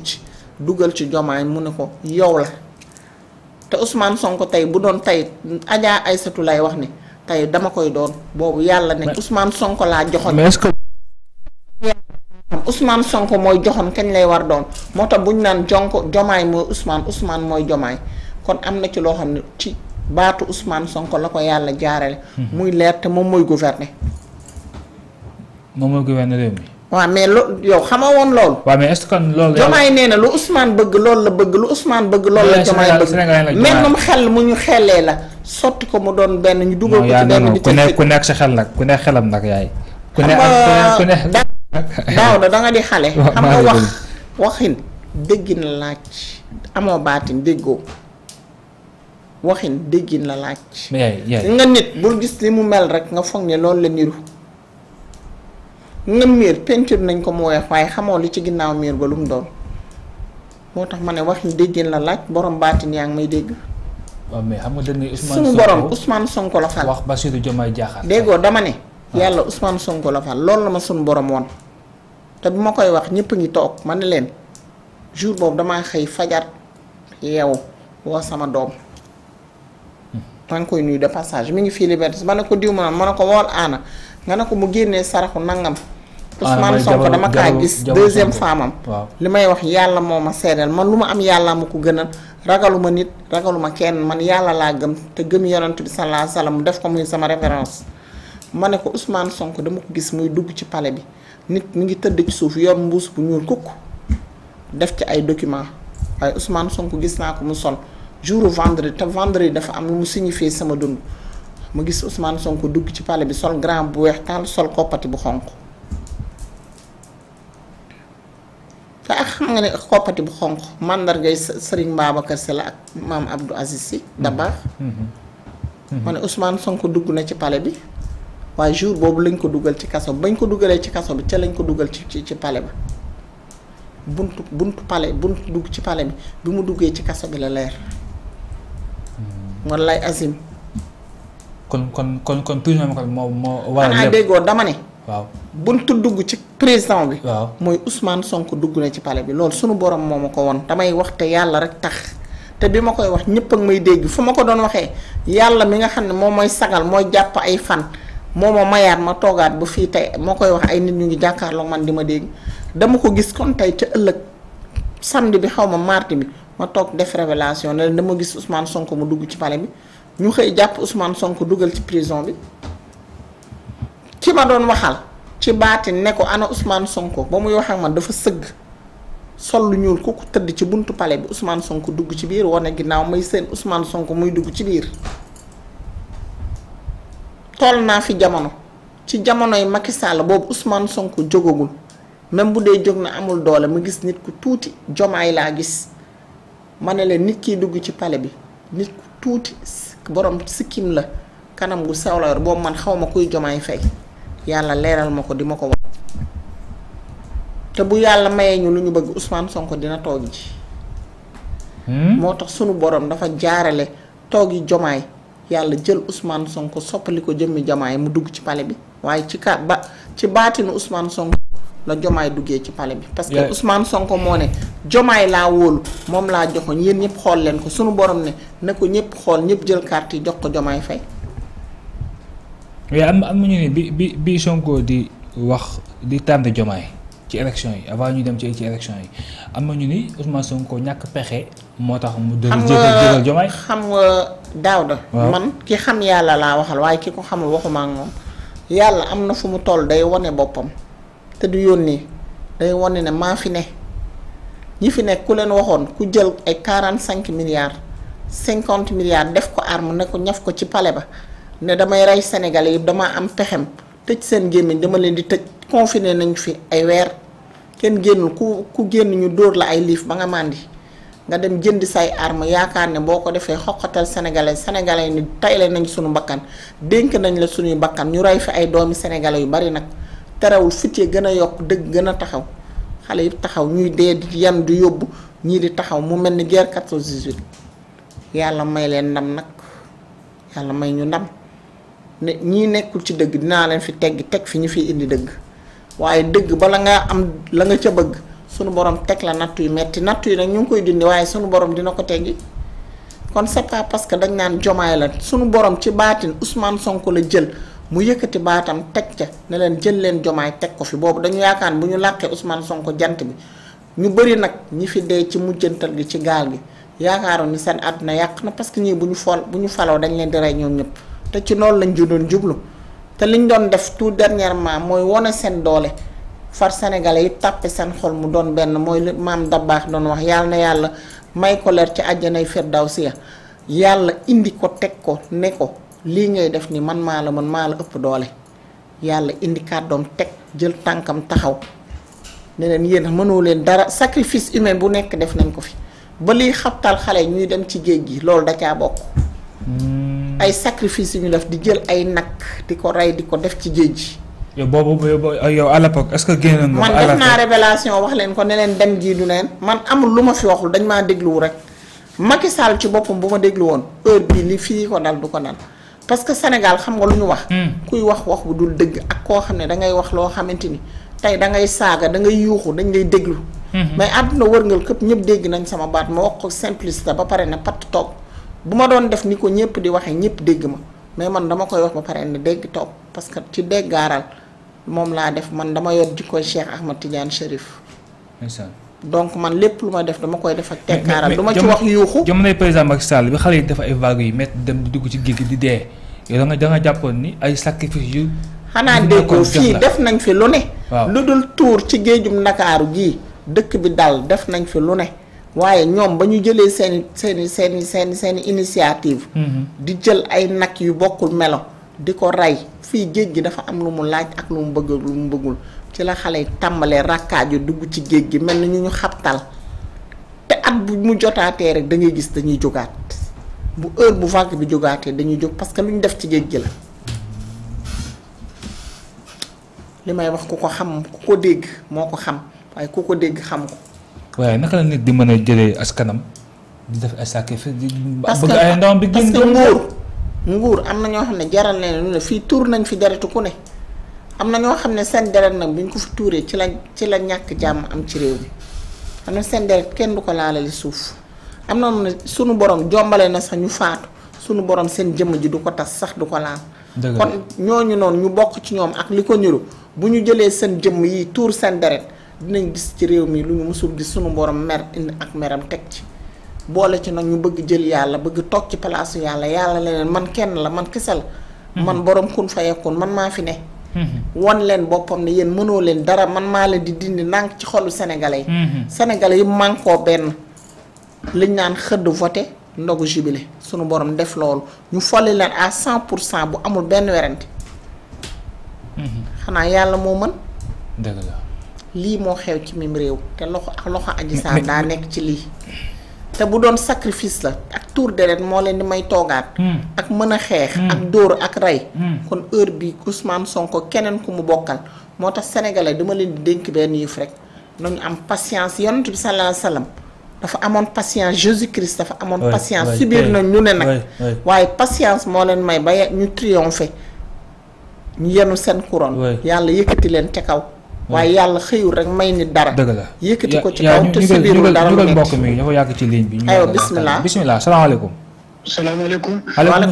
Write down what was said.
ci dugal ci jomaay mu ne ko yow la te Ousmane Sonko tey bu doon tey Adja Aysatu lay wax ni tey dama koy doon boobu yàlla ne Ousmane Sonko laa joxoon. mais est-ce mooy joxoon kañ lay war doon moo tax bu ñu naan jonko jomaay mooy Ousmane Ousmane mooy jomaay kon am na ci loo xam ne ci baatu Ousmane Sonko la ko yàlla jaarale. Hmm. muy leer te moom mooy gouverner. moom mooy gouverner réew mi. waaw mais lo yow xamoo woon loolu. waaw mais est nee na lu Ousmane bëgg loolu la bëgg lu Ousmane bëgg. loolu la Diomaye bëgg mennum xel mu ñu xelee la sotti ko mu doon benn ñu dugal ko ci benn. ku nekk ku nekk sa xel nag ku nekk xelam nag yaay. ku ne ku ne daaw da nga di xale. xam nga wax waxin déggin la laaj amoo baatin déggoo. waxin déggin la laaj. nga nit bul gis li mu mel rek nga foog ne loolu la niru. nga miir peinture nañ ko mu weex waaye xamoo li ci ginnaaw miir ba lu mu doon moo tax ma ne wax ni déggin la laaj borom baatin yaa ngi may dégg. waaw mais xam nga dañ ne Sonko suñu borom Ousmane Sonko la fal. wax Bassirou Diomaye Diakhar. déggoo dama ne. Ah. yàlla Ousmane Sonko la fal loolu la ma suñu borom woon. te bu ma koy wax ñëpp ngi toog ma ne leen jour boobu damaa xëy fajar yeewu woo sama doom. maa ngi koy nuyu de passage mi ngi fii Liberté ma ne ko diw ma ma ne ko wool aana nga ne ko mu génnee saraxu nangam. Ousmane ah, Sonko dama kaa gis deuxième femme am li may wax yàlla moo ma seedal man lu ma am yàlla ma ko gënal ragaluma nit ragaluma kenn man yàlla laa gëm te gëm yonent bi sallallahu alayhi def ko muy sama référence ma ne ko Ousmane Sonko dama gis muy dugg ci pale bi nit mu ngi tëdd ci suuf yor mbuus bu ñuul kukk def ci ay document waaye Ousmane Sonko gis naa ko mu sol jour vendredi te vendredi dafa am lu mu signifié sama dund ma gis Ousmane sonk dugg ci pale bi sol grand bu weex taal sol koppati bu xonq te ak xam nga ne xoppati bu xonq màndargay Serigne Babacar Sy la ak maam Abdou Aziz Sy mm-hmm. Dabakh mm-hmm. Mm-hmm. ma ne Ousmane Sonko dugg na ci pale bi waaye jour boobu lañ ko dugal ci kaso bañ ko dugalee ci kaso bi ca lañ ko dugal ci ci palais ba buntu buntu palais buntu dugg ci pale bi bi mu duggee ci kaso bi la leer wallaay Azim. kon kon kon kon prison moo moo. waral lépp déggoo dama ne. waaw buntu dugg ci président bi. waaw mooy Ousmane Sonko dugg na ci pale bi loolu suñu borom moo ma ko won damay wax te yàlla rek tax te bi ma koy wax ñëpp ak may dégg fu ma ko doon waxee yàlla mi nga xam ne moom mooy sagal mooy jàpp ay fan moo ma mayaat ma toogaat bu fii tey moo koy wax ay nit ñu ngi jàkkaarloo man di ma dégg dama ko gis kon tey ca ëllëg samedi bi xaw ma mardi bi ma toog def révélation ne leen dama gis usmaan sonk mu dugg ci palais bi ñu xëy jàpp Ousmane Sonko dugal ci prison bi. ci ma doon waxal ci baati ne ko ana Ousmane Sonko ba muy wax ak man dafa sëgg sol lu ñuul ku ko tëdd ci buntu pale bi Ousmane Sonko dugg ci biir wane ginnaaw may seen Ousmane Sonko muy dugg ci biir toll naa fi jamono ci jamonoy Macky Sall boobu usmaan Sonko jógagul même bu dee jóg na amul doole mu gis nit ku tuuti jomaay laa gis ma ne leen nit kiy dugg ci pale bi nit ku tuuti borom sikkim la kanam gu sawla boobu man xaw ma kuy jomaay fay yàlla leeral ma ko di ma ko wax te bu yàlla mayee ñu lu ñu bëgg usmaan Sonko dina toog ji hmm? moo tax sunu borom dafa jaarale toogi jomaay yàlla jël Ousmane Sonko soppali jëmmi jomaay mu dugg ci pale bi waaye ci ka ba ci baatinu usmaan Sonko la jomaay duggee ci pale bi parce que Ousmane Sonko moo ne jomaay laa wóolu moom laa joxoon yéen ñëpp xool leen ko sunu borom ne ne ko ñëpp xool ñëpp jël carte yi jox ko jomaay fay mais am am ñu ne bi bi bi Sonko di wax di tànn Diomaye ci élection yi avant ñu dem ci ci élection yi am na ñu ni Ousmane Sonko ñàkk pexe moo tax mu. dëgg jëgal xam nga daaw da man ki xam yàlla laa waxal waaye ki ko xamul waxuma ak moom yàlla am na fu mu toll day wane boppam te du yónnee day wane ne maa fi ne ñi fi nekk ku leen waxoon ku jël ay quarante cinq milliards cinquante milliards def ko arme ne ko ñaf ko ci pale ba. ne damay rey Sénégalais yi dama am pexem tëj seen gémmiñ dama leen di tëj confiné nañ fi ay weer kenn génn ku ku génn ñu dóor la ay liif ba nga màndi nga dem jënd say arm yaakaar ne boo ko defee xoqatal sénégalais sénégalais ni tayle nañ suñu bakkan dénk nañ la suñuy bakkan ñu rey fi ay doomi sénégalais yu bari nag terewul fit yi gën a yokk dëgg gën a taxaw xale yi taxaw ñuy dee yan di yóbbu ñii di taxaw mu mel ni guerre 14 18 yàlla may leen ndam nag yàlla may ñu ndam ne ñii nekkul ci dëgg dinaa leen fi tegg teg fi ñu fi indi dëgg waaye dëgg bala ngaa am la nga ca bëgg sunu borom teg la natt yi metti natt yi nag ñu ngi koy dindi waaye sunu borom dina ko teggi kon c'est pas parce que dañ naan jomaay la sunu borom ci baatin Ousmane sonk la jël mu yëkkati baatam teg ca ne leen jël leen jomaay teg ko fi boobu dañu yaakaar bu ñu làqee Ousmane Sonko jant bi ñu bëri nag ñi fi dee ci mujjantal gi ci gaal gi yaakaaroon ni seen àdduna yàq na parce que ñii bu ñu fol bu ñu faloo dañ leen di rey ñëpp. te ci loolu lañ ju jublu te liñ doon def tout dernièrement mooy wone seen doole far sénégalais yi tàppe seen xol mu doon benn mooy li maam Dabaax doon wax yàlla na yàlla may ko ci àjjanay firdawsi yàlla indi ko teg ko ne ko lii ngay def ni man maa la mën maa la ëpp doole yàlla indi kàddoom teg jël tànkam taxaw ne leen yéen mënoo leen dara sacrifice humain bu nekk def nañ ko fi ba liy xabtal xale ñuy dem ci géej gi loolu da caa bokk mm. ay sacrifice yu ñu def di jël ay nag di ko rey di ko def ci géej gi. yow boobu yow à l'époque est génn nga def naa révélation wax leen ko ne dem jii du neen man amul lu ma fi waxul dañ maa dégluwu rek Macky Sall ci boppam bu ma déglu heure bii li fii ko dal du ko dal parce que Sénégal xam nga lu ñu wax. Hmm. kuy wax wax bu dul dëgg ak koo xam ne da ngay wax loo xamante ni tey da ngay saaga da ngay yuuxu dañ lay déglu. Hmm. mais àdduna wërngal këpp ñëpp dégg nañ sama baat ma wax ko simplicité ba pare ne patt toog. bu ma doon def ni ko ñëpp di waxee ñëpp dégg ma mais man dama koy wax ba pare na dégg topp parce que ci déggaaral moom laa def man dama yor jikkoy Cheikh Ahmad Tidiane Chérif. donc man lépp lu ma def dama koy def ak tekkaaral du ma ci wax yuuxu jamonoy président Macky Sall bi xale yi dafa ay vagues yu métti dem di dugg ci géej gi di dee yow da nga da jàppoon ni ay sacrifice yu xanaa déggoo fii def nañ fi lu ne lu dul tuur ci géejum Ndakaaru gii dëkk bi dal def nañ fi lu ne waaye ñoom ba ñu jëlee seen seeni seeni seen seeni initiative mm-hmm. di jël ay nag yu bokkul melo di ko rey fii géej gi dafa am lu mu laaj ak lu mu bëgg lu bëggul ci la xale yi tàmbalee rakkaaju dugg ci géej gi mel na ñu ñu xabtal te at bu mu jotaatee rek dangay gis dañuy jógaat bu heure bu vague bi jógaatee dañuy jóg parce que lu ñu def ci géej gi la li may wax ku ko xam ku ko dégg moo ko xam waaye ku ko dégg xam ko waaye naka la nit di mën a jëlee askanam di def ay sacrifice bi gën nguur nguur am na ñoo xam ne jaral leen lu ne fii tuur nañ fi deretu ku ne am na ñoo xam ne seen deret nag bu ñu ko fi tuuree ci la ci la ñàkk jàmm am ci réew bi xam na seen deret kenn du ko laalali suuf am na ne sunu borom jombale na sax ñu faatu sunu borom seen jëmm ji du ko tas sax du ko laal kon ñooñu noonu ñu bokk ci ñoom ak li ko ñuru bu ñu jëlee seen jëmm yi tuur seen deret dinañ gis ci réew mi lu ñu mësul gis sunu borom mer indi ak meram teg ci boole ci nag ñu bëgg jël yàlla bëgg toog ci palaasu yàlla yàlla leneen man kenn la man kese la mhm. man boroom kun fayakun man maa fi ne mhm. won leen boppam ne yéen mënoo leen dara man maa leen di dindi nànk ci xolu sénégalais yi mhm. sénégalais yi koo benn liñ naan xëdd voté ndogu jubilé sunu borom def loolu ñu folli leen à cent pour cent bu amul benn werante xanaa yàlla moo mën lii moo xew ci mim réew te loxo loxo Adji Sarr daa nekk ci lii te bu doon sacrifice la ak tour deret moo leen di may toogaat hmm. ak mën a xeex hmm. ak dóor ak rey hmm. kon heure bi Ousmane Sonko keneen ku mu bokkal moo tax sénégalais dama leen di dénk benn yëf rek nañu am patience yonent bi sallallahu dafa amoon patience Jésus Christ dafa amoon patience subir na ñu ne nag waaye patience moo leen may ba ñu triompher ñu yenu seen couronne yàlla yëkkati leen ca kaw waaye yàlla xëyul rek may nit dara. dëgg la yëkkati ko ci kaw te si dara lu nekk mbokk mi dafa ci ligne bi. aywa bisimilah bisimilah salaamaaleykum. salaamaaleykum.